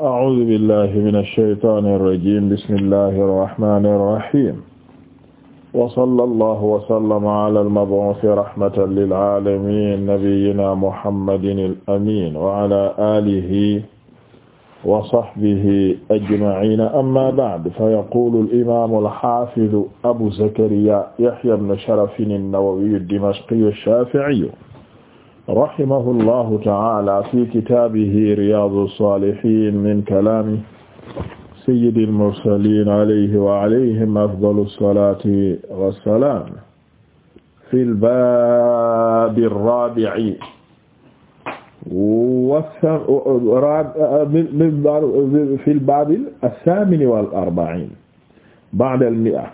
أعوذ بالله من الشيطان الرجيم بسم الله الرحمن الرحيم وصلى الله وسلم على المبعوث رحمة للعالمين نبينا محمد الأمين وعلى آله وصحبه أجمعين أما بعد فيقول الإمام الحافظ أبو زكريا يحيى بن شرف النووي الدمشقي الشافعي rahimahullahu ta'ala fi kitaabihi Riyâdous-Sâlihîne min kalaami sayyidil mursaliin alayhi wa alayhim afdalu salaati wa salaam fil baabi raabi'i fil baabi saamini wal arba'iin ba'da al mi'a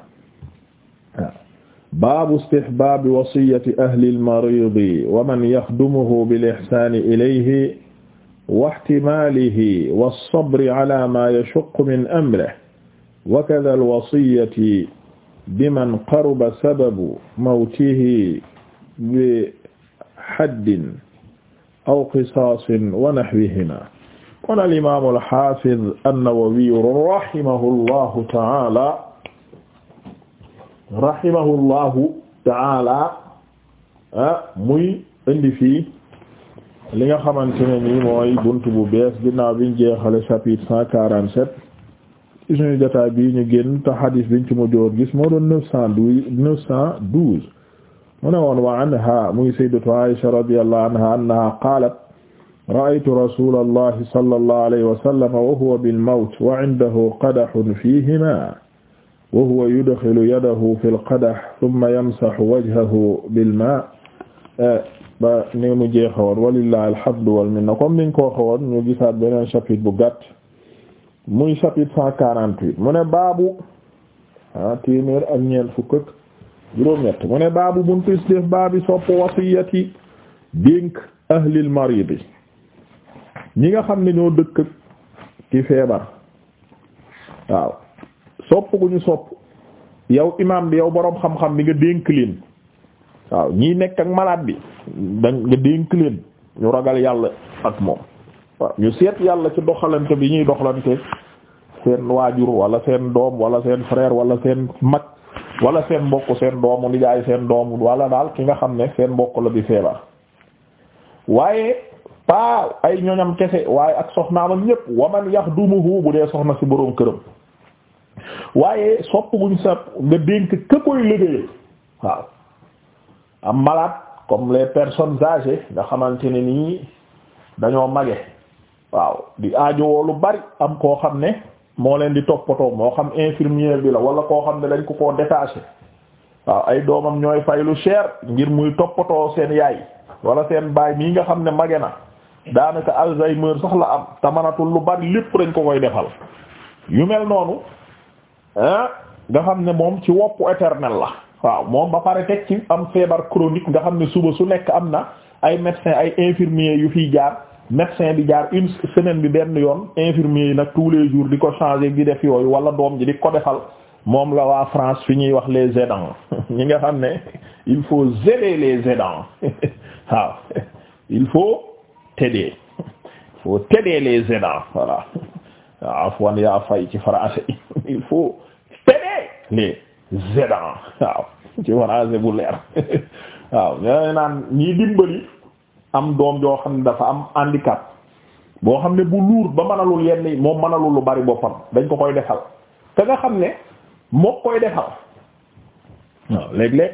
baabu istihbaabi wasiyyati ahlil mariidi wa man yaxdumuhu bil ihsaani ilayhi wa ihtimaalihi wa sabri alaa maa yashuqqu min amrihi wa kazal wasiyyati biman qaruba sababu mawtihi bi haddin aw qisaasin wa nahwihimaa. qaala al-imaamul haafiz an-Nawawi rahimahullaahu ta'aalaa rahimahullahu taala ah, muy indi fii li nga xamante ne nii mooy bunt bu bees ginnaaw biñ jeexale chapitre cent quarante sept ci suñu jotaay bii ñu génn te xadis biñ ci mujjoon gis moo doon neuf cent douze neuf cent douze mu ne woon wa anha muy sayyidatu Aisha radiyallahu anha annaha qaalat ra'aytu rasulallahi sallallahu alayhi wa sallam wa huwa bil mawt wa indahu qadahun fiihima wa huwa yudxilu yadahu fi lqadax tumma yamsaxu wajhahu bilma ba ni mu jeexawoon walillahi alhamdu wal minna comme niñ ko waxoon ñu gisaat beneen chapitre bu gàtt muy chapitre cent quarante-huit mu ne baabu ah téeméer ak ñeent fukk ak juróom-ñett mu ne baabu buntu isdef baabi sopp wasiyati dénk ahlil maridi ñi nga xam ne ñoo dëkk ki feebar waaw sopp gu ñu sopp yow imam bi yow boroom xam-xam bi nga dénk leen waaw ñii nekk ak malaat bi da nga dénk leen ñu ragal yàlla ak moom waaw ñu seet yàlla ci doxalante bi ñuy doxalante seen waajur wala seen doom wala seen frère wala seen mag wala seen mbokk seen doomu nijaay seen doomu wala daal ki nga xam ne seen mbokk la bi feebar waaye pa ay ñoñam kese waaye ak soxnaam ak ñépp waman yax dumuhu bu dee soxna si boroom këram waaye sopp guñ sopp nga dénk ka koy liggéeyal waaw am malade comme les personnes âgées nga xamante ne nii dañoo mage waaw di aajowoo lu bari am koo xam ne moo leen di toppatoo moo xam infirmier bi la wala koo xam ne dañ ko ko détaché waaw ay doomam ñooy fay lu cher ngir muy toppatoo seen yaay wala seen baay mii nga xam ne mage na daanaka alzheimer sax la am te manatul lu bari lépp dañ ko koy defal yu mel noonu nga xam ne moom ci woppu éternel la waaw moom ba pare teg ci am feebar chronique nga xam ne suba su nekk am na ay médecin ay infirmier yu fiy jaar médecin bi jaar une semaine bi benn yoon infirmier yi nag tous les jours di ko changer gi def yooyu wala doom ji di ko defal moom la waa France fi ñuy wax les aidants ñi nga xam ne il faut aider les aidants waaw il faut t'aider il faut les aidants voilà waaw afwan yaa fay ci français il faut céder les aidants waaw ci warage bu leer waaw ñooy naan ñii dimbali am doom joo xam ne dafa am handicap boo xam ne bu luur ba mënalul yenn yi moom mënalul lu bari boppam dañ ko koy defal te nga xam ne moo koy defal waaw léeg-léeg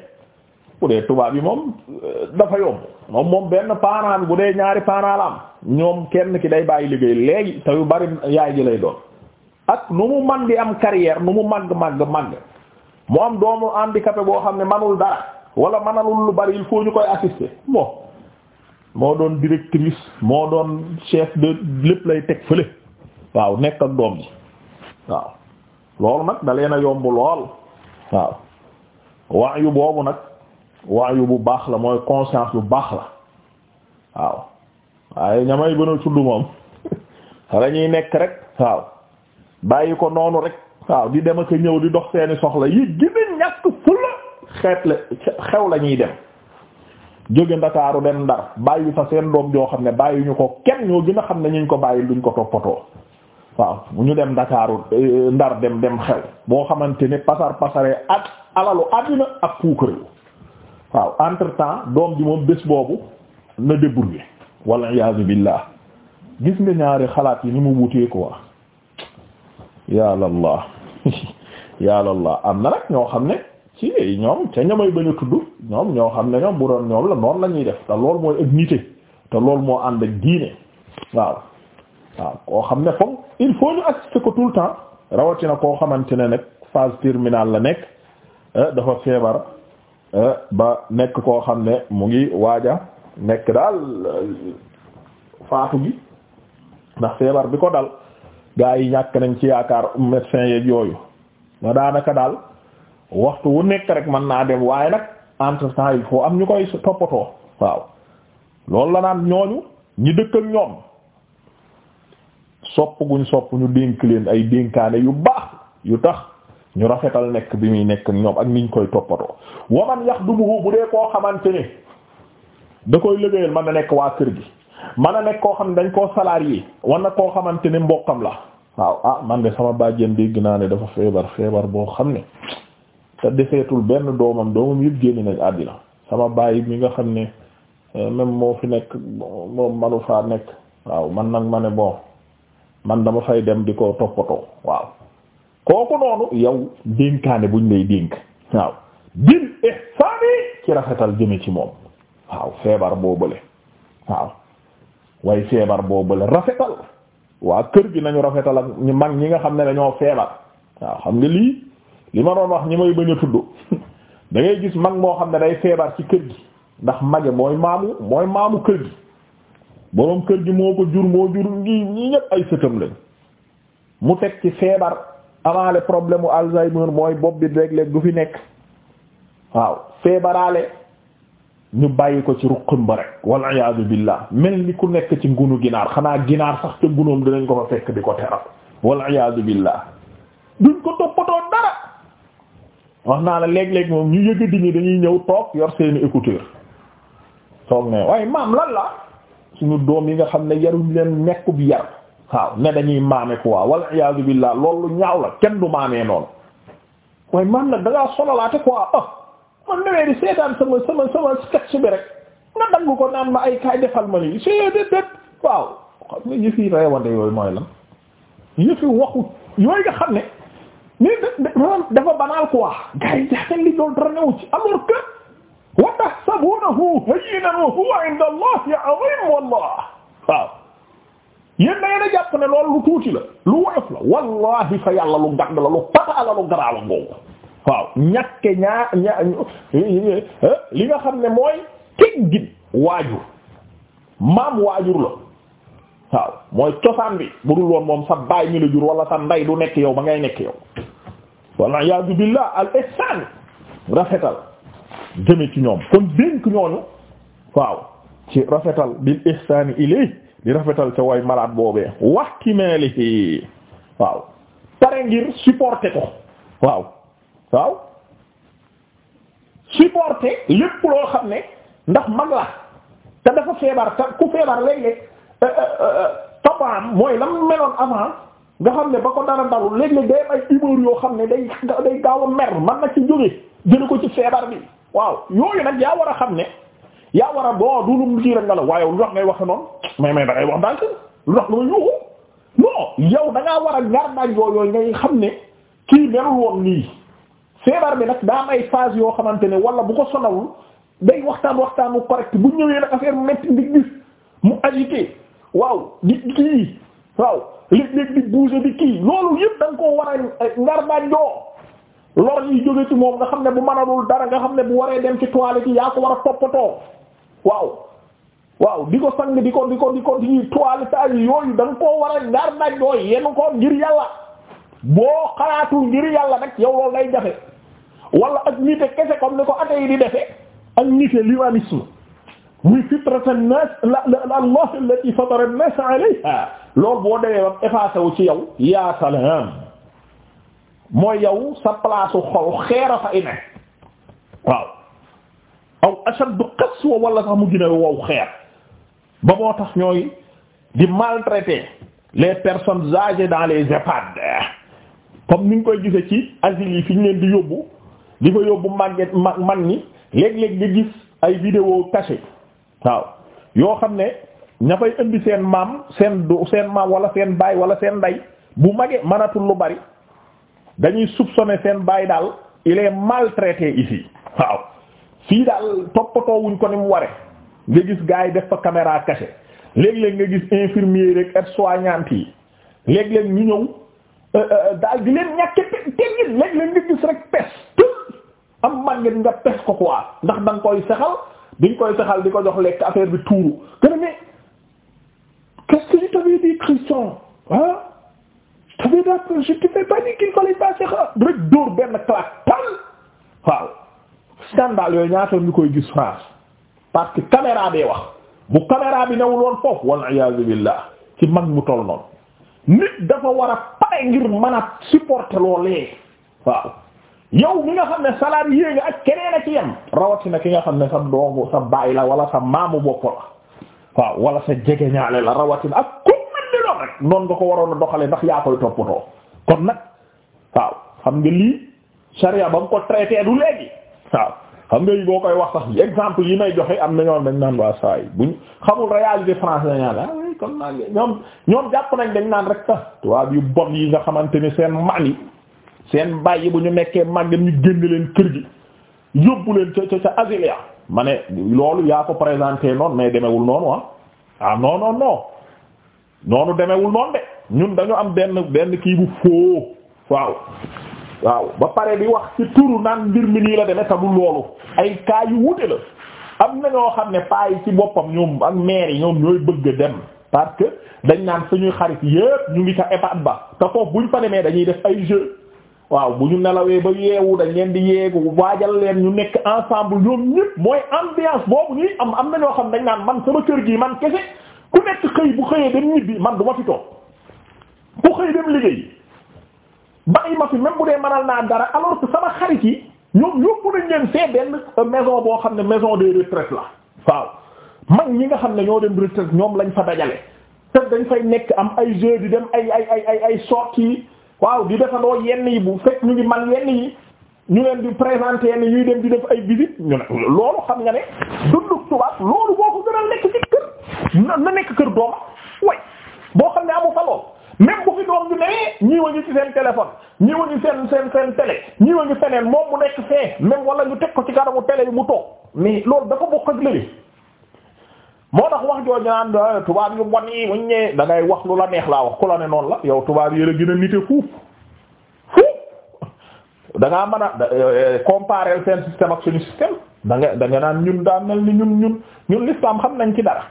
bu dee tubaab yi moom euh, dafa yomb moom moom benn parent bu dee ñaari parent la am ñoom kenn ki day bàyyi liggéey léegi te yu bari yaay ji lay doon ak nu mu man di am carrière nu mu màgg màgg màgg mu am doomu handicapé boo xam ne manul dara wala manalul lu bari il ñu koy assister bon moo doon directrice moo doon chef de lépp lay teg fële waaw nekk ak doom ji waaw loolu nag da leen a yomb lool waaw waayu boobu nag waayu bu baax la mooy conscience bu baax la waaw waaye ñamay gën a moom xale ñuy nekk rek waaw bàyyi ko noonu rek waaw di dem a ak ñëw di dox seeni soxla yi gëna ñàkk fulla xeet la xew la ñuy dem jóge ndakaaru dem ndar bàyyi fa seen doom joo xam ne bàyyi ñu ko kenn ñoo gën a xam ne ñu ko bàyyi duñ ko toppatoo waaw ñu dem ndakaaru euh, ndar dem dem xew boo xamante ni pasar pasaree ak alalu àddina ak puukar waaw entre doom ji moom bés boobu na débrouiller walla iyaazu billaah gis nga ñaari xalaat yi ñu mu wutee quoi yàllallah yàllallah am na nag ñoo xam ne ci ñoom ca ñamay bañ a tudd ñoom ñoo xam ne ñoom bu doon ñoom la noonu lañuy def te lool mooy ak nite te lool moo ànd ak diine waaw waaw koo xam ne foog il faut ñu assister ko tout temps rawatina koo xamante ne nag phase terminale la nekk eh, dafa feebar eh, ba nekk koo xam ne mu ngi waaja nekk daal eh, faatu gi ndax feebar bi ko dal gaa yi ñàkk nañ ci yaakaar médecin yeeg yooyu ma daanaka daal waxtu wu nekk rek mën naa dem waaye nag entre temps il faut am ñu koy toppatoo waaw loolu la naan ñooñu ñi dëkk ak ñoom sopp guñ sopp ñu dénk leen ay dénkaane yu baax yu tax ñu rafetal nekk bi muy nekk ñoom ak niñ koy toppatoo waman yax du bu dee koo xamante ni da koy liggéeyal man a nekk waa kër gi man a nekk koo xam ne dañ koo yi war na koo xamante ne mbokkam la waaw ah man de sama bàjjen dégg naa ne dafa feebar feebar boo xam ne te defeetul benn doomam doomam yëpp génn nañ àddina sama bàyyi mi nga xam ne eh, même moo fi nekk moom manu faa nekk waaw man nag ma ne bon man dama fay dem di ko toppatoo waaw kooku noonu yow dénkaane buñ lay dénk waaw bil ihsani ci rafetal jëme ci moom waaw feebar boobale waaw way feebar la rafetal waa kër gi nañu rafetal ak ñu mag ñi nga xam ne dañoo feebar waaw xam nga lii li ma doon wax ñi may bañ a tudd da gis mag moo xam ne day feebar ci kër gi ndax mage mooy maamu mooy maamu kër gi boroom kër gi moo ko jur moo jur ñi ñi ñëpp ay sëtam lañ mu teg ci feebar amaale problème u Alzheimer mooy bopp bi léeg-léeg du fi nekk waaw feebaraale ñu bàyyi ko ci ruqam ba rek wal iyaadu billah mel ni ku nekk ci ngunu ginaar xanaa ginaar sax te gunoom dinañ ko fa fekk di ko teral wal iyaadu billah duñ ko toppatoo dara wax naa la léeg-léeg moom ñu yëg di ñi dañuy ñëw toog yor seeni écouteur toog ne waaye maam lan la suñu doom yi nga xam ne yaruñ leen nekkub yar waaw ne dañuy maame ku waa wal iyaadu loolu ñaaw la kenn du maamee noonu waaye maam nag dangaa sonalaate quoi ah man newee di seetaan sama sama sama sketch bi rek nga dagg ko naan ma ay kaay defal ma nii see dét dét waaw yooyu mooy lan yëfi waxu yooyu nga xam ne nii dafa banaal quoi gars yi jaaxal li doon dara newu ci alors que wa tahsabunahu hayyinan wa huwa inda allahi azim wallah waaw yéen da ngeen a jàpp ne lu tuuti la lu woyof la wallahi fa yàlla lu gàgg la lu pata la lu garaaw la waaw ñàkke ñaa ñaa eh, li nga xam ne mooy teg gin waajur maam waajur la waaw mooy cosaan bi bu dul woon moom sa baay mi la jur wala sa ndey du nekk yow ba ngay nekk yow walla iyaazu billah al ihsan rafetal jëme ci ñoom kon dénk ñooñu waaw ci rafetal bil ihsani ilay di rafetal ca way malaat boobee wax ki meeli waaw pare ngir supporter ko waaw waaw supporter lépp loo xam ne ndax mag la te dafa feebar te ku feebar léeg-léeg euh, euh, euh, mooy lam meloon avant nga xam ne ba ko dara dalul léeg day ay humeur yoo xam ne day day gaaw a mer man na ci jóge jële ko ci feebar bi waaw yooyu nag yaa war a xam ne yaa war a boo dulum kii rek nga la waaye lu tax ngay waxe noon mais mais da ngay wax daal lu tax nga yuuxu non yow da war a ngar daaj yooyu ngay xam ne kii melul woon nii feebar bi nag daa ay phase yoo xamante ne wala bu ko sonalul day waxtaan waxtaanu correct bu ñëwee nag affaire métti di gis mu agité waaw di kii waaw léeg-léeg di bouger di kii loolu yëpp da nga koo war a ngar ba joo yi jóge ci moom nga xam ne bu manalul dara nga xam ne bu waree dem ci toilette yi yaa ko war a toppatoo waaw waaw di ko sang di ko di ko di ko di toilette yi yooyu da nga koo war a ngar ba joo yenu ko ngir yàlla boo xalaatul ngir yàlla nag yow loolu day jafe. wala ak nite kese comme ni ko ate yi di defee ak nite l'humanisme muy fitrata an-nas la Allah allati fatara nas alayha loolu boo demee ba effacé wu ci yow yaa salaam mooy yow sa place xol xeera fa ine waaw aw ashaddu qaswa wala sax mu gën a wow xeer ba moo tax ñooy di maltraiter les personnes âgées dans les EHPAD comme ni nga koy gisee ci asile yi fi ñu leen di yóbbu li fa yóbbu màgget man ni léeg-léeg nga gis ay vidéo caché waaw yoo xam ne ña fay indi seen maam seen do seen maam wala seen baay wala seen ndey bu mage manatul lu bari dañuy soupçonner seen baay daal il est maltraité ici waaw fii daal toppatoo wuñ ko ni mu ware nga gis gars yi def fa caméra cachée léeg-léeg nga gis infirmier rek aide-soignante yi léeg-léeg ñu ñëw. daal di leen ñàkke teggin pes tël am mànget nga pes ko ndax da nga koy sexal di koy sexal di ko jox lekk affaire bi tuuru gëna mais qu'est-ce que je t'avais benn claque tal waaw scandale yooyu ñaata ñu koy gis France parce que caméra bee wax bu caméra bi newul woon foofu wal iyaazu billah ci mag mu toll noonu nit dafa war a pare ngir mën a supporter loolee waaw yow mi nga xam ne salarié nga ak keneen a ci yem rawatina ki nga xam ne sa doomu sa baay la wala sa maamu bopp la waaw wala sa jegeñaale la rawatina ak ku mën di doon rek noonu nga ko waroon a doxale ndax yaa koy toppatoo kon nag waaw xam nga lii sariya ba mu ko traité du léegi waaw xam nga boo koy wax sax exemple yi nay joxe am na ñoo dañ naan waa saa yi xamul réalité kon naa ñoom ñoom jàpp nañ dañ naan rek sax yu bon yi nga xamante ni seen maam yi seen bàyyi bu ñu nekkee màgget ñu génn leen kër gi yóbbu leen ca ca ca ma ne loolu yaa ko présenté noonu mais demewul noonu ah ah non non noonu demewul noonu de ñun dañu am benn benn kii bu foo waaw ba pare di wax ci turu naan mbir mi nii la demee te du loolu ay cas yu wute la am na ñoo xam ne paa ci boppam ñoom ak maire yi ñoom ñooy bëgg dem parce que dañ naan suñuy xarit yépp ñu ngi ca EHPAD ba te foofu buñ fa demee dañuy def ay jeu waaw bu ñu nelawee ba yeewu dañ leen di yeegu waajal leen ñu nekk ensemble ñoom ñépp mooy ambiance boobu ñuy am am na ñoo xam dañ naan man sama kër gi man kese ku nekk xëy bu xëyee dem ñibbi man du ma fi toog ku xëy dem liggéey bàyyi ma fi même bu dee mënal naa dara alors que sama xarit yi ñoom yóbbu nañ leen see benn euh, maison boo xam ne maison de retraite la waaw. mag ñi nga xam ne ñoo dem retraite ñoom lañ fa dajale te dañ fay nekk am ay g di dem ay ay ay ay ay sorties waaw di defandoo yenn yi bu fekk ñu ngi man yenn yi ñu leen di présenter yenn ñuy dem di def ay visite ñu ne loolu xam nga ne dundu tubaab loolu boo ko gënal nekk ci kër na nekk kër dooma way boo xam ne amu fa lool même bu fi doom bi ne ñii wañu ci seen téléphone ñii wañu seen seen seen télé ñii wañu feneen moom mu nekk fee même wala ñu teg ko ci kanamu télé bi mu toog mais loolu dafa bokk moo tax wax jooju naan ah, tubaab yu bon yi muñ ñee da ngay wax lu la neex laa wax ku la ne noonu la yow tubaab yi la gën a nite fuuf fuuf da ngaa mën a eh, eh, comparer seen système ak suñu système da nga naan ñun daa mel ni ñun ñun ñun l'islam xam nañ ci dara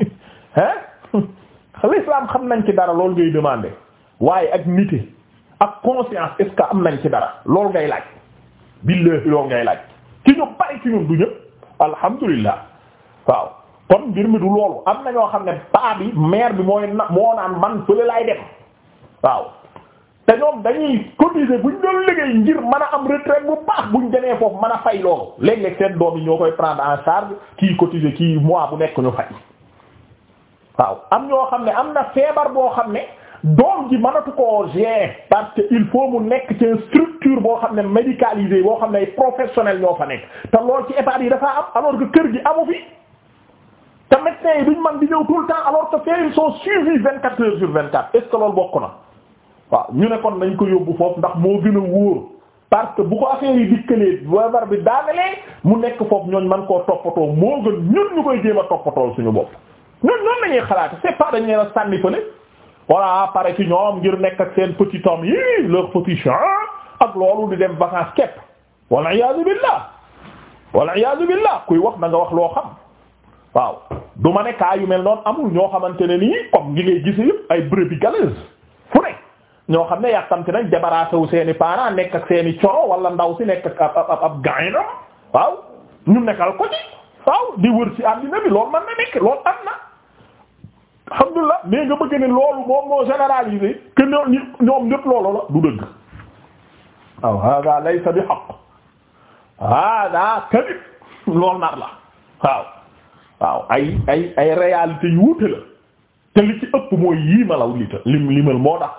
hein l'islam xam nañ ci dara loolu ngay demander waaye ak nite ak conscience est-ce am nañ ci dara loolu ngay laaj billahi loolu ngay laaj ci ñu bari ci ñun du ñëpp alhamdulillah waaw kon mbir mi du loolu am na ñoo xam ne paa bi maire bi mooy na moo naan man fële laay dem waaw te ñoom dañuy cotiser buñ doon liggéey ngir mën a am retraite bu baax buñ demee foofu mën a fay loolu léeg-léeg seen doom yi ñoo koy prendre en charge kii cotiser kii mois bu nekk ñu fay waaw am ñoo xam ne am na feebar boo xam ne doom ji manatu ko gérer parce que il faut mu nekk ci structure boo xam ne médicalisée boo xam ne ay professionnels ñoo fa nekk te loolu ci état yi dafa alors que kër gi amu te médecins yi duñ man di ñëw tout le temps alors que fee ils sont suivis vingt quatre sur vingt quatre est ce que loolu bokk na waaw ñu ne kon nañ ko yóbbu foofu ndax moo gën a wóor parce que bu ko affaire yi dikkalee wawar bi daanalee mu nekk foofu ñooñ man koo toppatoo moo gën ñun ñu koy jéem a toppatoo suñu bopp ñun noonu lañuy xalaat c'est pas dañ leen a sànni fële voilà pare ci ñoom ngir nekk ak seen petit homme yi leur petit ak loolu di dem vacances képp wal iyaazu billah wal iyaazu billah kuy wax na nga wax loo xam waaw du ma ne yu mel noonu amul ñoo xamante ne nii comme gi ngay gis yëpp ay brebis galeuses fu ne ñoo xam ne yàkkamti nañ débarrassé wu seeni parents nekk ak seeni coro wala ndaw si nekk ak ab ab ab gaynam waaw ñu nekkal ko ci waaw di wër ci àddina bi loolu man na nekk loolu am na alhamdulilah mais nga bëgg ne loolu moom moo généralisé que ñooñu ñoom ñëpp loolu la du dëgg waaw hada laysa bi haqq hada loolu nar la waaw. waaw ay ay ay réalité yu wuute la te li ci ëpp mooy yii ma law lita lim limal moo tax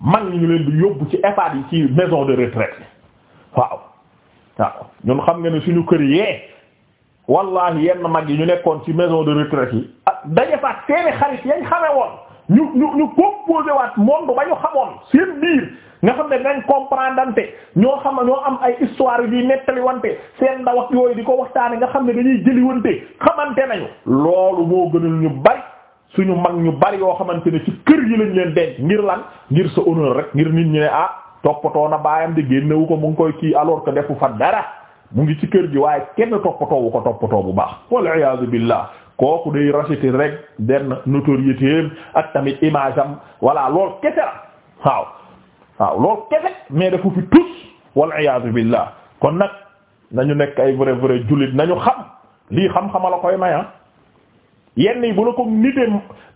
mag ñu leen di yóbbu ci EHPAD yi ci maison de retraite waaw waaw ñun xam nga ne suñu kër yee wallahi yenn mag yi ñu nekkoon ci maison de retraite yi ah daje teeni xarit yañ xame woon ñu ñu ñu composé waat monde ba ñu xamoon seen biir nga xam ne dañ comprendre ante ñoo xam ñoo am ay histoire yu nettali wante seen ndaw yooyu di ko waxtaane nga xam ne dañuy jëli wante xamante nañu loolu moo gënal ñu bari suñu mag ñu bari yoo xamante ne ci kër yi lañ leen denc ngir lan ngir sa honneur rek ngir nit ñi ne ah toppatoo na baayam di génnewu ko mu ngi koy kii alors que defu fa dara mu ngi ci kër gi waaye kenn toppatoo wu ko toppatoo bu baax wal iyaazu billah kooku day racheter rek benn notoriété ak tamit image am voilà loolu kese la waaw waaw loolu kese mais dafa fi tus wal iyaadu billah kon nag nañu nekk ay vrai vrai jullit nañu xam lii xam-xama la maya ah. yenn yi bu la ko nitee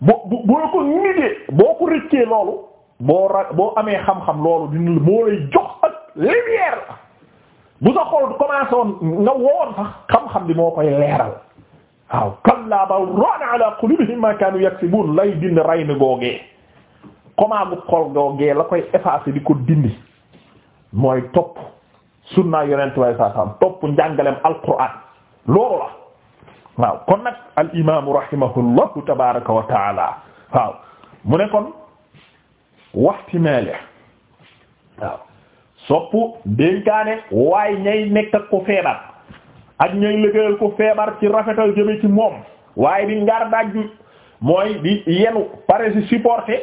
bu bu la ko nitee boo ko rëccee loolu boo ra boo amee xam-xam loolu dina moo lay jox ak lumière bu sa xol commencé woon nga woon sax xam-xam bi moo koy leeral waaw kallaa bal raana ala qulubihim ma kaanu yaksibun lay dindi ray ni googee komaagu xol googee la koy effacer di ko dindi mooy topp sunnaa yonent way saa topp njàngaleem alquran loolu la waaw kon nag al imaamu rahimahullahu tabaraka wa taala mu ne kon waxtimeele waaw sopp dénkaane waaye ñay nekk ko feebar ak ñay liggéeyal ko feebar ci rafetal jëme ci moom waaye di ngar dajju mooy di yenu pare si supporter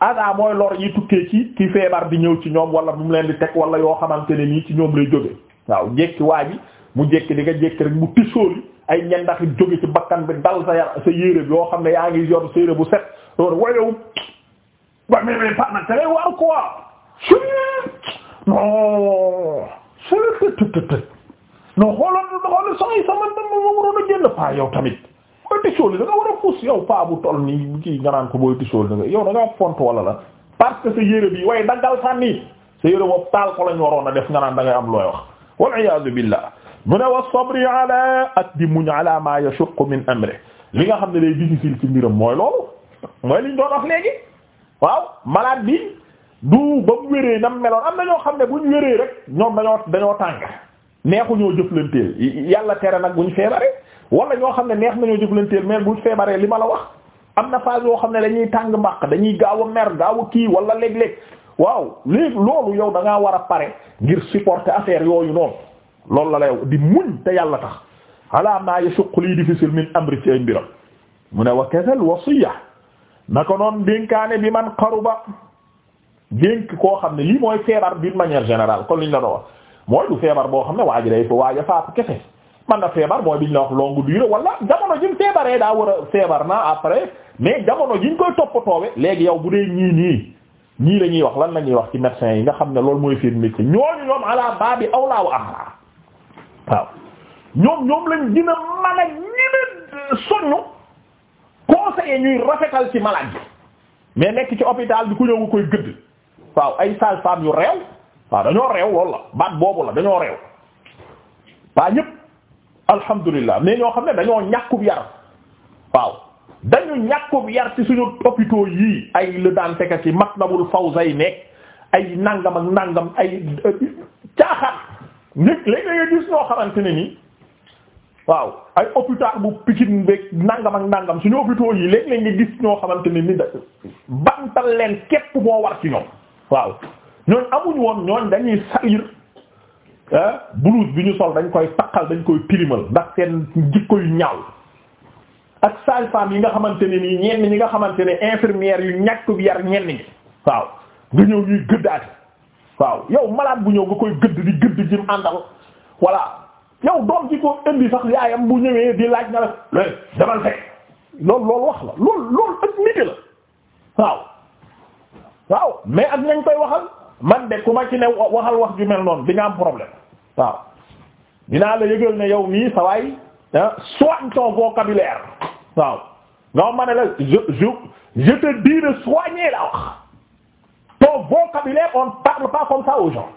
asa mooy lor yi tukkee ci ki feebar di ñëw ci ñoom wala bu mu leen di teg wala yoo xamante ne nii ci ñoom lay jóge waaw jékki waa ji mu jékki di nga jekki rek mu tisóoli ay ñendaxi jóge ci bakkan bi dal sa yar sa yére bi yoo xam ne yaa ngi yor sa bu set loolu wayow wa mais mais par nag te lay waar quoi non non xooloon na xoolal sama sama ndam waroon a génn paa yow tamit mooy tisóoli da nga war a fuus yow paa bu toll nii kii nga naan ko booy tisóoli da nga yow da ngaa font wala la parce que sa yére bi waaye daggal sànni sa yére boobu taal ko la waroon a def nga naan da ngay am looy wax. wal iyaadu billah mu ne wa sabri ala ak di muñ ala ma yashuqqu min amri li nga xam ne day difficile ci mbiram mooy loolu mooy liñ doon wax léegi waaw malade bi du ba mu am na ñoo xam ne bu ñu wéree rek neexu ñoo jëflanteel yàlla tere nag buñ feebaree wala ñoo xam ne neex nañoo jëflanteel mais buñ feebaree li ma la wax am na phase yoo xam ne dañuy tàng mbàq dañuy gaaw a mer gaaw kii wala léeg-léeg waaw léegi loolu yow da war a pare ngir supporter affaire yooyu noonu loolu la la yow di muñ te yàlla tax ala ma yashuqu li difficile min amri ci ay mbiram mu ne wax wa kasal na naka noon dénkaane bi man xaru ba dénk koo xam ne lii mooy feebar d'une manière générale kon liñ la doon mooy du feebar boo xam ne waa ji day fa waaja faatu kese man na feebar mooy biñ la wax longue durée wala jamono ji mu feebaree daa war a feebar na après mais jamono ji ñu koy toppatoowe léegi yow bu dee ñii nii ñii la ñuy wax lan la ñuy wax ci médecin yi nga xam ne loolu mooy seen métier ñooñu ñoom ala baa bi aw laa waaw ñoom ñoom lañ dina mën a ñina soñu conseiller ñuy rafetal ci malade bi mais nekk ci hôpital bi ku ñëw koy gëdd waaw ay sage-femme yu réew waaw dañoo reew loolu la baat boobu la dañoo reew waa ñëpp alhamdulilah mais ñoo xam ne dañoo ñàkkub yar waaw dañu ñàkkub yar ci suñu hôpitaux yii ay le daan fekka ci matlabul fawzay nekk ay nangam ak nangam ay euh, caaxaan nit léegi nga gis xamante ne ni waaw ay hôpital bu Pikine beeg nangam ak nangam suñu hôpitaux yi léegi nga gis ñoo xamante ne nii da bantal leen képp moo war ci ñoom waaw ñooñ amuñ woon ñooñ dañuy salir blouse bi ñu sol dañ koy takkal dañ koy pilimal ndax seen jikko yu ñaaw ak sage yi nga xamante ne nii ñenn ñi nga xamante ne infirmière yu ñàkk bi yar ñenn ñi waaw nga ñëw ñuy gëddaati waaw yow malaat bu ñëw nga koy gëdd di gëdd jim àndal voilà yow doom ji ko indi sax yaayam bu ñëwee di laaj na la demal fee loolu loolu wax la loolu loolu ak nit la waaw waaw mais ak nañ koy waxal. man de ku ma ci ne waxal wax ju noonu di nga am problème waaw dinaa la yëgal ne yow nii sa waay ah, soigne ton vocabulaire waaw nga ma ne la je je je te dis de soigner la wax ton vocabulaire on parle pas comme ça aux gens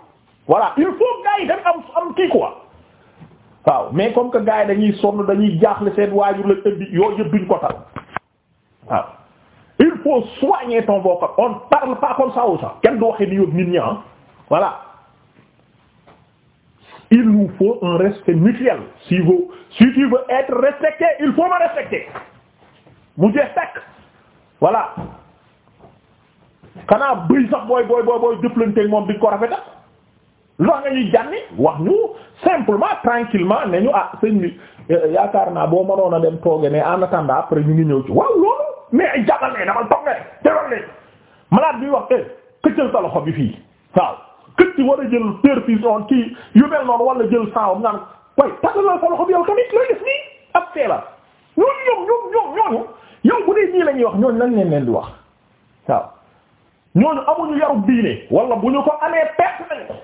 voilà il faut gars yi dañ am am kii quoi waaw mais comme que gars yi dañuy sonn dañuy jaaxle seen waajur la indi yooyu yëpp duñ ko tal waaw faut soigner ton vocable on parle pas comme ça ou ça kenn du waxee ni nit ñi ah voilà il nous faut un respect mutuel si vous si tu veux être respecté il faut me respecter mu jeex takk voilà xanaa bëy sax booy booy booy booy jëplanteeg moom di ko rafetal lox nga ñuy jànni wax ñu simplement tranquillement ne ñu ah sëñ bi euh, yaakaar naa boo mënoon a dem tooge ne en attendant après ñu ngi ñëw ci loolu mais jàllal ne damal toog ne tegal ne malade bi wax eh këccal sa loxo bi fii waaw këcc war a jël perfusion ci yu mel noonu wala jël saawam naan way tasalal sa loxo bi yow tamit looy def nii ab feebar ñooñu ñoom ñoom ñoom ñooñu yow bu dee ñii la ñuy wax ñooñu lañ leen leen di wax waaw ñooñu amuñu yarub diine wala bu ñu ko amee perte nañ ko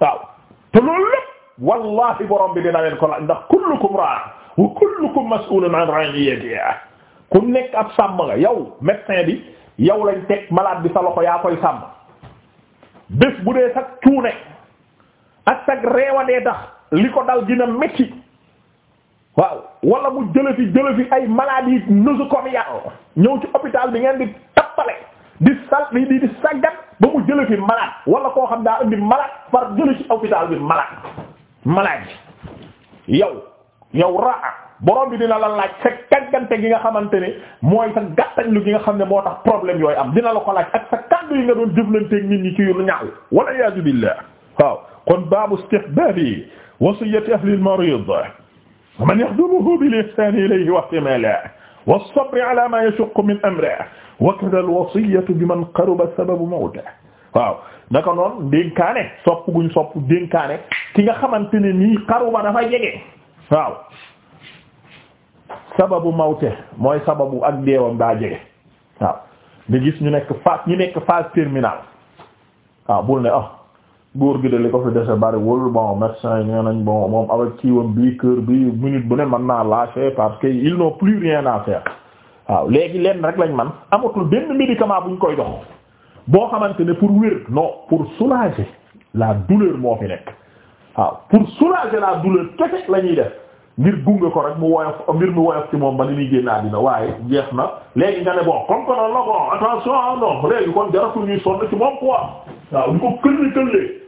waaw te loolu lépp wallahi borom bi dina leen ko laaj ndax kullukum raa'in wa kullukum mas'ulun 'an ra'iyyatihi ku nekk ab sàmm nga yow médecin bi yow lañ teg malade bi sa loxo yaa koy sàmm bés bu dee sax cuune ak sag reewadee tax li ko dal dina métti waaw wala mu jële fi jële fi ay maladies nosocomiales ñëw ci hôpital bi ngeen di tappale di sal di di saggat ba mu jële fi malade wala koo xam daa indi malade par jële ci hôpital bi malade malade yow yow raa borom bi dina la laaj sa kàggante gi nga xamante ne mooy sa gàttañ lu gi nga xam ne moo tax problème yooyu am dina la ko laaj ak sa kàddu yi nga doon jëflanteeg nit ñi ci yu ñaaw wala iyaazu billah waaw kon baabu istihbaabi wasiyyati ahli al-marid wa man yaxdumuhu bil ihsaan ilayhi wa ihtimaalihi wa sabri ala ma yashuqqu min amrihi wa kadha al-wasiyyatu biman qaruba sababu mawtihi waaw naka noonu dénkaane sopp guñ sopp dénkaane ki nga xamante ne nii qaruba dafa jege waaw sababu mawte mooy sababu ak deewam daa jege waaw nga gis ñu nekk phase ñu nekk phase terminale waaw bul ne ah góor gi de li ko fi dese bariwul bon médecin yi nee nañ bon moom avec kiiwam bi kër bi minute bu ne mën naa lâcher parce que ils n'ont plus rien à faire waaw léegi lenn rek lañ man amatul benn médicament buñ koy jox boo xamante ne pour wér non pour soulager la douleur moo fi nekk waaw pour soulager la douleur kese la def. ngir gunge ko rek mu woyof mbir mu woyof ci moom ba ni muy génn àddina waaye jeex na léegi nga ne bon comme que noonu la bon attention ah non léegi kon jaratul ñuy sonn ci moom quoi waaw ñu ko këlli këllee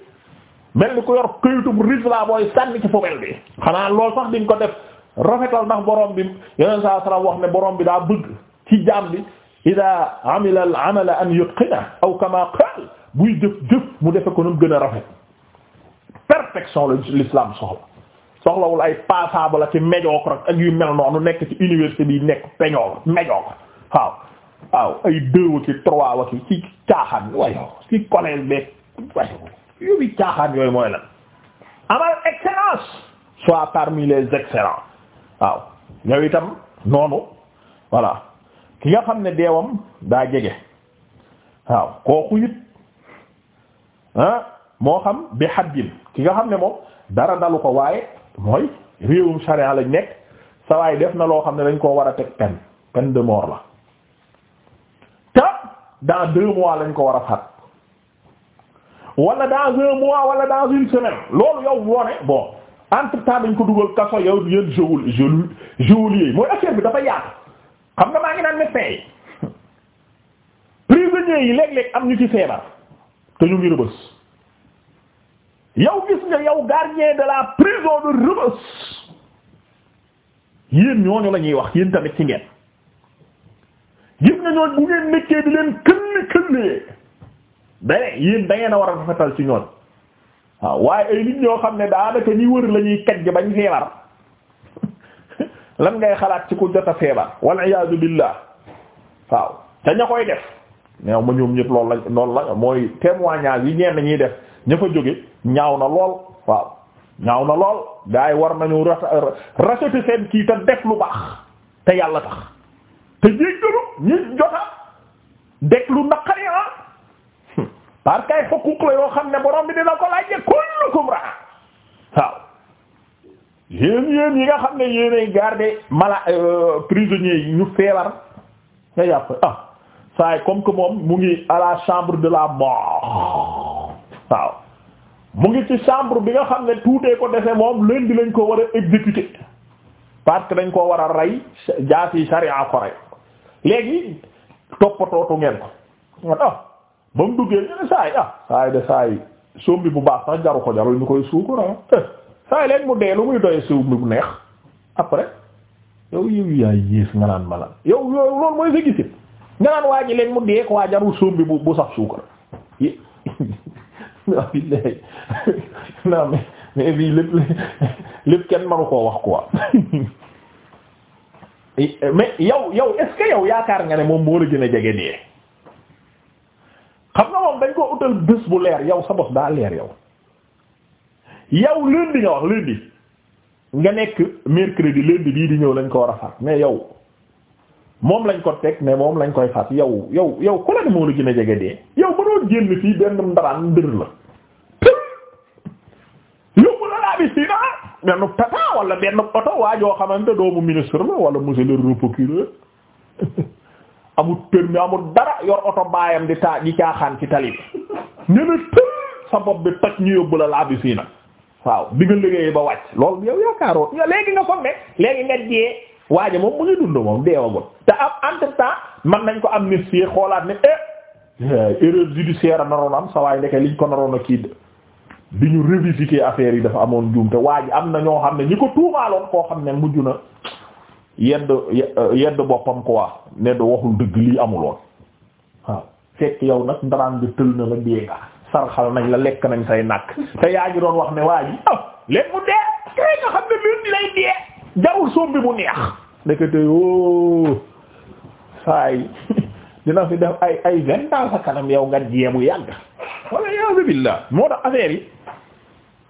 mel ni ko yor këyitub risla booy sànni ci poubelle bi xanaa loolu sax diñ ko def rafetal ndax boroom bi yeneen saa salaam wax ne boroom bi daa bëgg ci jaam bi ida amila al amala an yutqina aw kama qaal buy jëf jëf mu defe ko nu mu gën a rafet perfection la l'islam soxla soxlawul ay passable ak médiocre ak yu mel noonu nekk ci université bi nekk peñoo médiocre waaw waaw ay deux ci trois wa ci ci caaxaan wayo ci collège beeg wayo yóbbi yooyu mooy lan amal noonu voilà ki nga xam ne deewam daa jege waaw kooku it ah, moo xam bi haddin ki nga xam ne moom dara dalu ko waaye mooy réewum sharia lañ nekk sawaay def na loo xam ne dañ koo war a teg peine peine de mort la te dans deux mois lañ ko war a faat wala dans un mois wala dans une semaine loolu yow woone bon entre temps dañ ko dugal kaso yow yéen jol jol geolier mooy affaire bi dafa yaatu xam nga maa ngi naan médecin yi prisonniers yi léeg-léeg am ñu ci feebar te ñu ngi rëbës yow gis nga yow gardien de la prison de Rebeuss yéen ñooñu la ñuy wax yéen tamit ci ngeen gis nga ñooñ bu ngeen nekkee di leen këlli këllee dane yéen da ngeen a war a rafetal ci ñooñ waaw waaye ay nit ñoo xam ne daanaka ñi wër la ñuy kaj bañ feebar lan ngay xalaat ci ku jot a feebar wal iyaadu billah waaw te ña koy def neew ma ñoom ñëpp lool la loolu la mooy témoignage yi ñeen ñuy def ña fa jóge ñaaw na lool waaw ñaaw na lool gars yi war nañu racheter seen kii te def lu baax te yàlla tax te jéggalu ñu jota def lu naqari ah parce que ay xuquq la yoo xam ne borom bi dina ko laajte kullukum raa waaw yéen yéen yi nga xam ne yéenay garder mala euh, prisonniers yi ñu feebar nga yàpp ah saa comme que moom mu ngi à la chambre de la mort waaw mu ngi ci chambre bi nga xam ne tuutee ko defe moom di lañ koo war a exécuter parce que dañ koo war a rey jaasi sariya ko rey léegi toppatootu ngeen ko man ah ba mu duggee ñu ne saay ah, saay de saay sombi bu baax sax jaru ko jarul ñu koy suukura ah. saay leen mu dee lu muy doyee sombi bu neex après yow yow yaay yées nga naan malaan yow yow loolu mooy sa gisit nga naan waa ji leen mu dee ko waa jarul sombi bu bu sax suukura waaw billahi non bii lépp lépp kenn manu koo wax ko euh, mais yow yow est-ce que yow yaakaar nga ne moom moo la gën a jege dee xam nga moom dañ koo utal bés bu leer yow sa bopp daa leer yow yow lundi nga wax lundi nga nekk mercredi lundi bii di ñëw lañ ko war a faat mais yow moom lañ ko teg mais moom lañ koy faat yow yow yow ku la ne moo la jege dee yow génn fii benn ndaraan mbir la yóbbu la laa bi si na benn tata wala benn oto waa xamante doomu ministre la wala monsieur le procureur amul permis dara yor oto baayam di taa di ci tali bi ne na sa bopp bi toj ñu yóbbu la laa bi waaw bi nga liggéey ba wàcc loolu yow yaakaaroon nga léegi nga foog léegi nga jiyee waaye moom mu ngi dund moom deewagul te am entre temps mën nañ ko amnistie xoolaat ne eh Euh, erreur judiciaire a naroon am sawaay ndeke liñ ko naroon a kii bi ñu revisiter affaire yi dafa amoon juum te waa ji am na ñoo xam ne ñi ko tuumaaloon koo xam ne mujj na yedd euh, yedd boppam quoi ne du waxul dëgg lii amuloon fekk yow nag ndaraan bi tël na la dee nga sarxal nañ la lekk nañ say nakk te yaa ngi doon wax ne waa ji ah, mu dee kay nga xam ne lundi lay dee jarul sombi mu neex ndekete yoo oh, saay dina fi def ay ay vingt daal sa kanam yow nga jeemu yàgg wala yaa billah moo tax affaire yi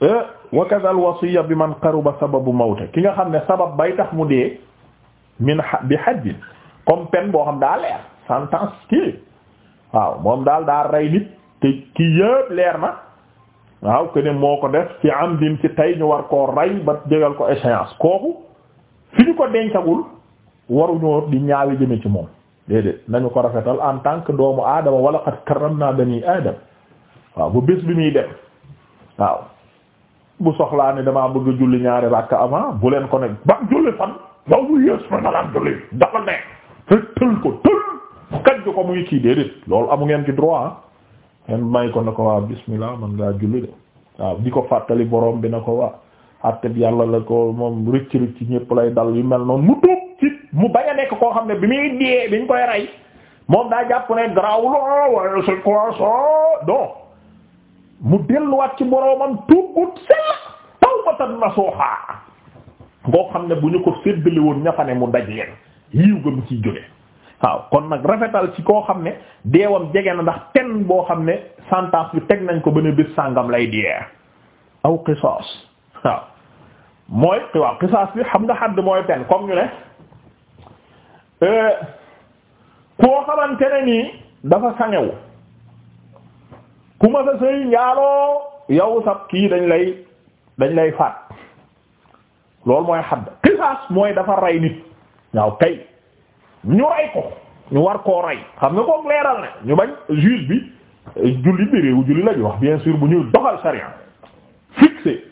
eh, wa wasiya bi man qaruba sababu mawta ki nga xam ne sabab bay tax mu dee min bi haddin comme peine boo xam daa leer sentence kii waaw moom daal daal rey nit te kii yëpp leer na waaw que ne moo ko def ci amdin ci tey ñu war koo rey ba jégal ko échéance kooku fi ñu ko dencagul waruñoo di ñaawi jëme ci moom déedéet nañu ko rafetal en tant que doomu aadama wala qad karramna bani aadam waaw bu bés bi muy dem waaw bu soxlaa ne damaa bëgg julli ñaari rakka avant bu leen ko ne ba julli fan kii déedéet loolu amu ngeen ci droit ah. ngeen may ko ne ko waa bismillah man ngaa julli de waaw di ko fàttali borom bi na ko waa àtte bi yàlla la ko moom rëcc rëcc ñépp lay dal yu mel noonu mu tuub mu bañ a nekk koo xam ne bi muy diyee biñ koy rey moom daa jàpp ne garaawul waaye c'est mu delluwaat ci boroomam tuugut sell tawbatan nasuha ngoo xam ne bu ñu ko séddale woon ña mu daj leen yiw ga mu ciy jóge waaw kon nag rafetal ci koo xam ne deewam jege na ndax ten boo xam ne sentence bi teg nañ ko ba ne bés sàngam lay diyee aw qisaas waaw mooy waaw bi xam nga xadd mooy pen comme ñu ne Euh, koo xamante ne nii dafa sangewu ku ma sa njaaloo yow sab kii dañ lay dañ lay faat lool mooy xadd xisaas mooy dafa ray nit waaw kay ñu rey ko ñu war koo rey xam nga kook leeral na ñu bañ juge bi julli bi réewu julli lañu wax bien sûr bu ñuy doxal sharia fixé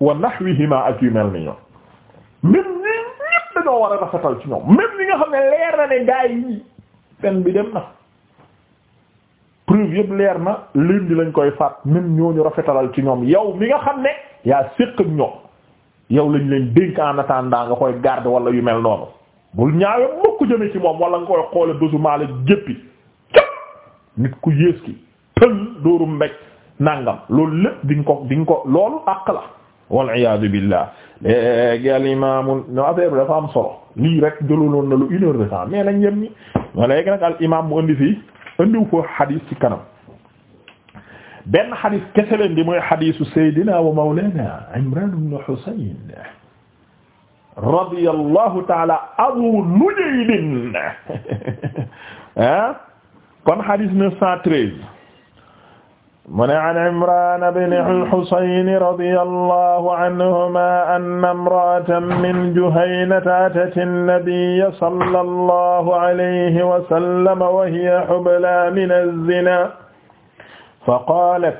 wa nahwihima ak yu mel ni dañoo war a rafetal ci ñoom même ñi nga xam ne leer na ne gaa yi pen bi dem na preuve yëpp leer na leen di lañ koy faat même ñooñu rafetalal ci ñoom yow mi nga xam ne yaa séq ak ñoom yow lañ leen dénk en attendant nga koy garder wala yu mel noonu bul ñaawe mukk jëme ci moom wala nga koy xoole bésu maala jéppi nit ku yées ki tël dóorum mbéj nàngam loolu lépp di nga ko di nga ko loolu àq la wal iyaadu billah léegi al imaamu no affaire bi dafa am solo lii rek jëloon na lu une heure de temps mais nañ yem ni ma léegi nag al imaam mu indi fii indiw foofu xadis ci kanam benn xadis kese leen di mooy xadisu Seydina wa Mawlana Imraan ibn Husayn radiyallahu taala Abu Nujayd ah kon xadis 913. mu ne an Imraan ibn al-Husayn radiyallahu anhumaa anna imra'atan min Juhaynata atat an-nabiyya sallallahu alayhi wa sallam wa hiya hublaa min az-zinaa faqaalat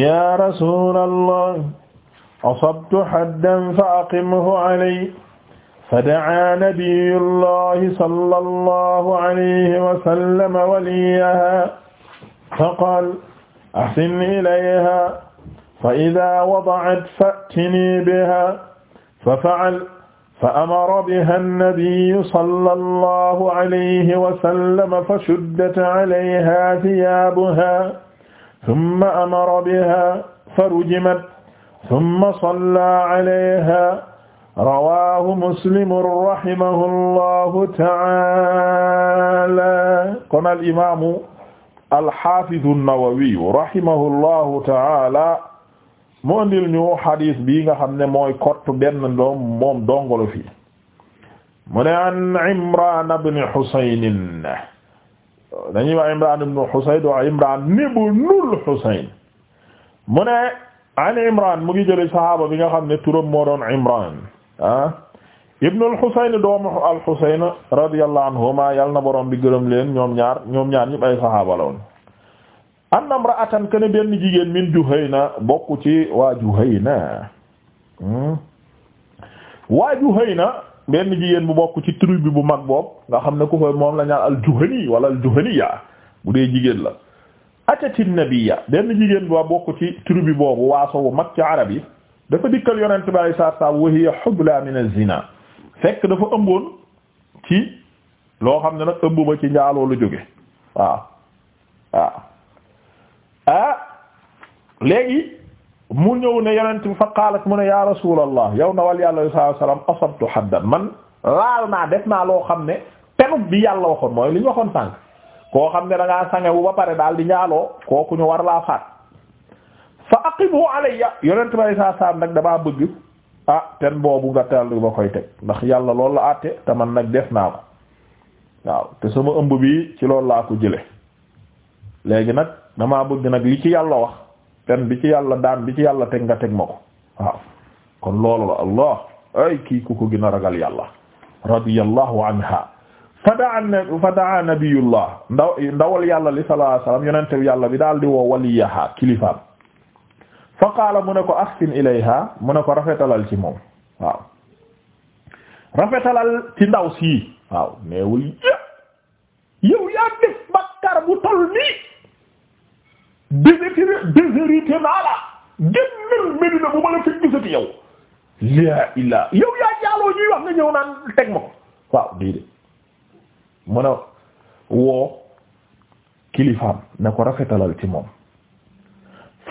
yaa rasuulallah asabtu haddan fa-aqimhu alayya fada'aa nabiyyullahi sallallahu alayhi wa sallam waliyahaa faqaala ahsin ilayha fa ida wadaat fatini biha fa faal fa amara biha annabiyu sala allahu alayhi wasallama fa shuddat alayha thiyaabuha thumma amara biha fa rujimat thumma salla alayha rawahu muslimun rahimahu allahu taala kon al imaamu alxafidu nnawawiyu rahimahullahu taala moo ndil ñu xadis bii nga xam ne mooy kott benn doom moom dongolo fi mu ne an imran ibn husayn dañuy wax imran ibn husayn wa imran ibnul husayn mu ne an imran mu ngi jële sahaaba bi nga xam ne turam moo doon imran ah ibnu al-Husayn doomu al-Husayn radiyallahu anhuma yal na borom bi gërëm leen ñoom ñaar ñoom ñaar ñëpp ay saxaaba la woon anna imra'atan kana benn jigéen min Juhayna bokk ci waa Juhayna hmm? waa Juhayna benn jigéen bu bokk ci tribu bu mag boobu nga xam ne ku koy moom la ñaar al-Juhani wala al-Juhaniya bu dee jigéen la atati nabiyya benn jigéen bu bokk ci tribu boobu waaso bu mag ci arab yi dafa dikkal yonent bi sallallahu alayhi wa sallam wa hubla min az-zina fekk dafa ëmboon ci loo xam ne nag ëmb ba ci njaaloo la jóge waaw waaw ah, léegi mu ñëw ne yonent bi fa qaalat mu ne ya rasulallah yow nawal yàlla sallallahu alayhi wasallam asabtu haddan man laal naa def naa loo xam ne penub bi yàlla waxoon mooy liñ waxoon sànq koo xam ne da ngaa sangewu ba pare daal di njaaloo kooku ñu war laa faat fa aqimu alayya yonent bi sallallahu alayhi wasallam nag bëgg ah ten boobu nga teel ba koy teg ndax yàlla loolu la àtte te man nag des naa ko waaw te sama ëmb bi ci loolu laa ko jële léegi nag damaa bëgg nag li ci yàlla wax ten bi ci yàlla daan bi ci yàlla teg nga teg ma ko waaw kon loolu allah ay kii ku ko gina ragal yàlla radiyallahu anha fadaa fadaa nabiyullah ndaw ndawal yàlla li sallallahu alayhi wasallam yonente yàlla bi daal di woo waliyaha kilifaam fa qaala mu ne ko ahsin ilayha mu ne ko rafetalal ci moom waaw rafetalal ci ndaw sii waaw neewul yëpp yow yaa def bakkar bu toll nii déshérité naa la génnal Medina bu ma la fi gisati yow laa ilaa yow yaa jaaloo ñuy wax nga ñëw naan teg ma ko waaw déedéet mu ne woo kilifaam na ko rafetalal ci moom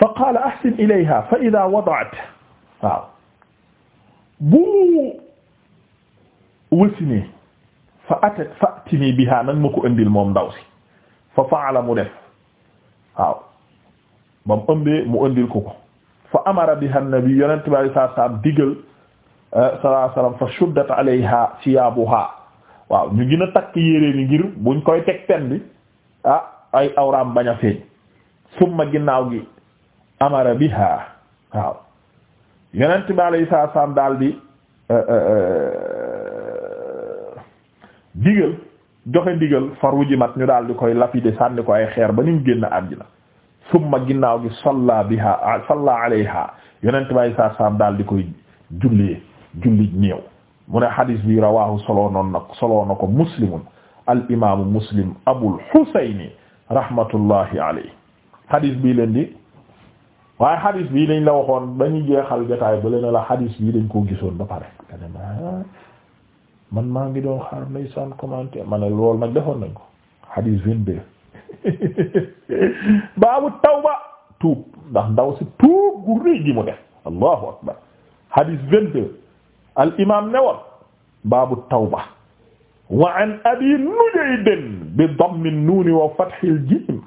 fa qaala ahsin ilayha fa ida wadaat waaw bu wasinee fa at fa tinii biha nag ma ko indil moom ndaw si fa faala mu def waaw ba mu ëmbee mu indil ko ko fa amara biha nabi yonent bi sallallahu alayhi wasallam digal eh, sallallahu alayhi wasallam fa shuddat alayha siyaabuha waaw ñu gën a takk yére ni ngir buñ koy teg pen bi ah ay awraam bañ a feeñ summa ginnaaw gi amara biha waaw yonent bi alayhi salaam daal di euh, euh, euh, digal joxe digal faru ji mat ñu daal di koy lapider sànni ko ay xeer ba ni mu génn àddina summa ginnaaw gi salla biha salla alayha yonent bi alayhi salaam daal di koy jullee julli ñeew mu ne xadis bi rawahu soloo noon nag soloo na ko muslimun al imaamu muslim abul xusayni rahmatullahi alayhi xadis bii leen waaye xadis bii dañ la waxoon dañu jeexal jotaay ba leen la xadis bii dañ koo gisoon ba pare man man maa ngi doon xaar nay san commenté ma ne loolu nag defoon nañ ko xadis vingt-deux baabu tawba tuub ndax ndaw si tuub gu rëy gi mu def allahu akbar xadis vingt-deux al imam ne woon baabu tawba wa an abi nujayd bi dammi nuuni wa fathil jiim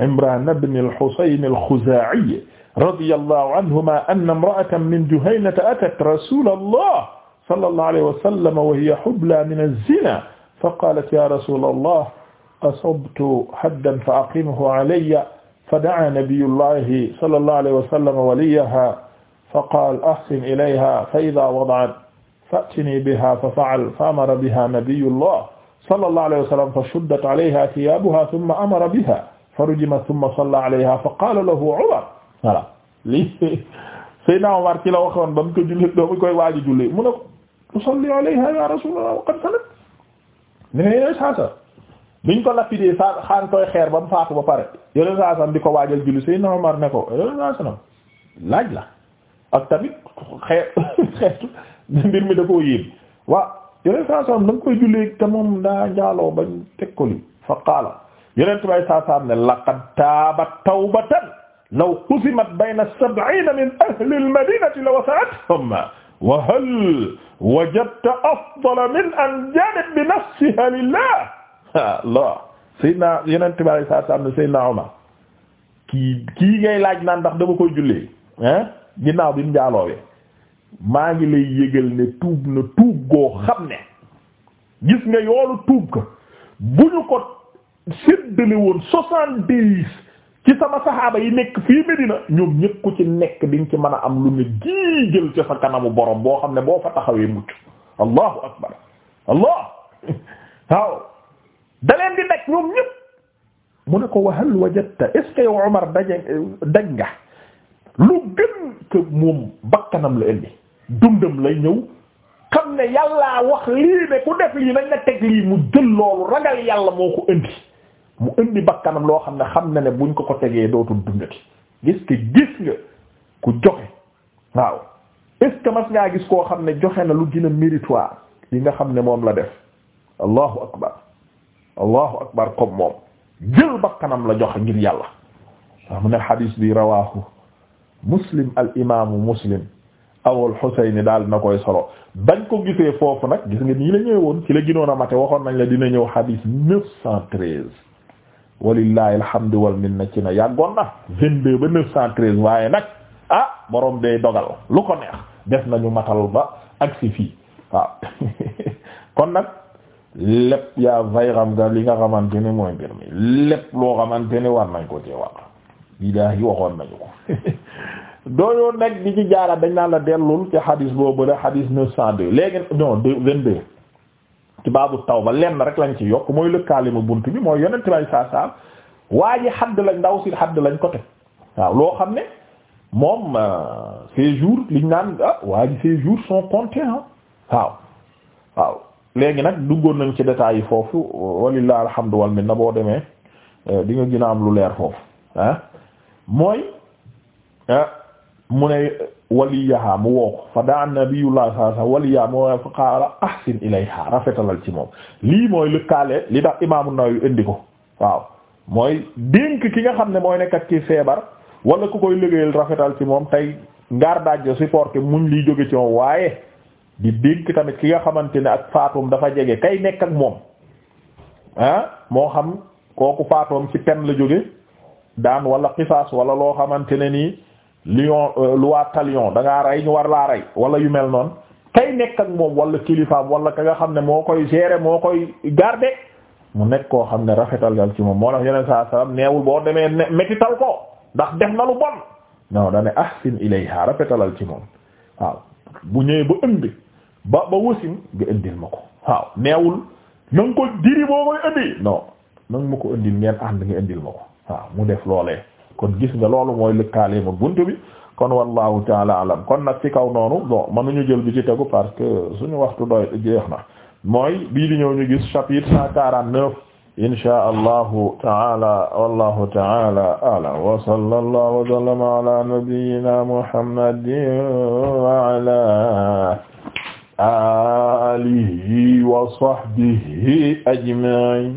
imran ibn al husayn al khuzaa'i radiyallahu anhuma anna imra'atan min Juhaynata atat rasulallah sallallahu alayhi wa sallam wa hiya hubla min az-zina faqaalat ya rasulallah asabtu haddan fa aqimhu alayya fada'a nabiyullahi sallallahu alayhi wa sallam waliyaha faqaala ahsin ilayha fa idha wada'at fa'tini biha fafa'ala fa'amara biha nabiyullah sallallahu alayhi wa sallam fashuddat alayha thiyaabuha thumma amara biha farujima thumma salla alayha faqaala lahu Umar voilà lii Seydina Omar ci la waxoon ba mu ko julli ba mu koy waaji julli mu ne ko usalli alayha ya rasulullah wa qad salat ne ne saa sa biñ ko lapidee saa xaan koy xeer ba mu faatu ba pare yeneen saa di ko waajal julli Seydina Omar ne ko yeneen saa sa laaj la ak tamit xeer xeetu mbir mi da koo yéem waa yeneen saa sa koy jullee te moom daa njaaloo bañ teg ko li fa qaala yeneen tubaab saa sa ne laqad taaba tawbatan law qusimat bayna sab'iina min ahli al-madiinati lawasa'athum wa hal wajadta afdala min an jaanat bi nafsihaa lillah Allah Seydina Yonent bi alayhi salaatu wa salaam Seydina Umar kii kii ngay laaj naan ndax dama koy jullee ah ginnaaw bi mu jaaloowee maa ngi lay yëgal ne tuub na tuub goo xam ne gis nga yoolu tuub ko bu ñu ko séddale woon ci sama saxaaba yi nekk fii Medina ñoom ñëpp ku ci nekk di nga ci mën a am lu ne gii jël ca sa kanamu borom boo xam ne boo fa taxawee mucc allahu akbar allah waaw da leen di nekk ñoom ñëpp mu ne ko wax wajadta est ce yow Omar daje daj nga lu gën que moom bakkanam la indi dundam lay ñëw xam ne yàllaa wax lii ne ku def lii nañ la teg lii mu jël loolu ragal yàlla moo ko indi mu indi bakkanam loo xam ne xam na ne buñ ko ko tegee dootul dundati gis ki gis nga ku joxe waaw est ce que ngaa gis koo xam ne joxe na lu gën a méritoire li nga xam ne moom la def allahu akbar allahu akbar comme moom jël bakkanam la joxe ngir yàlla waaw mu ne xadiis bi rawahu muslim al imaamu muslim awul Xuseyn daal na koy solo bañ ko gisee foofu nag gis nga nii la ñëwee woon ci la ginoon a mate waxoon nañ la dina ñëw xadiis neuf cent walillahi alhamdu wal na ci na yàggoon na 22 ba 913 waaye nag ah borom day dogal lu ko neex def nañu matal ba ak si fii waaw kon nag lépp yaa fay xam nga li nga xamante ni mooy mbir mi lépp loo xamante ni war nañ ko ci wax billaahi waxoon nañu ko yoon nag di ci jaara dañ naan la dellul ci hadis boobu la hadis 902 léegi non 22 ci baabu tawba lenn rek lañ ci yokk mooy ma bunt bi mooy yonent bay saa saam waa ji xadd lañ ndaw si xadd lañ ko teg waaw loo xam ne moom ces euh, jours liñ naan ah waa ji ces jours sont waaw léegi nag duggoon nañ ci détails yi foofu walilah alhamdu wal minna boo demee euh, di nga gën a am lu leer foofu ah mooy euh, mu ne waliyaha mu woo ko fa daa nabiyullah sallallahu alayhi wasallam waliyaha mu woo fa rafetalal ci moom lii mooy lëkkaale li tax imaamu yu indi ko waaw mooy dénk ki nga xam ne mooy nekkat ki feebar wala ku koy liggéeyal rafetal ci moom tey ngaar daaj supporté muñ liy jóge ci moom waaye di dénk tamit ki nga xamante ne ak faatoom dafa jege kay nekk ak moom ah moo xam kooku faatoom ci pen la jóge daan wala xisaas wala loo xamante ne nii lion euh, loi talion da rey ñu war laa rey wala yu mel noon kay nekk ak moom wala kilifaam wala ka nga xam ne moo koy gérer moo koy garder mu nekk koo xam ne rafetal dal ci moom moo tax yeneen saa boo demee ne métital ko ndax def na da rafetalal ci moom waaw bu ñëwee ba indi ba ba wasin nga indil ma ko waaw neewul na ko diri boo koy indi non na ma ko indil ngeen ànd nga indil ma ko waaw mu def loolee. kon gis nga loolu mooy lëkkaale ma buntu bi kon wallahu taala alam kon nag ci kaw noonu bon mënuñu jël bi ci tegu parce suñu waxtu doy jeex mooy bii di ñëw ñu gis chapitre cent quarante-neuf insha allahu taala wallahu taala alam wa sallallahu wa sallama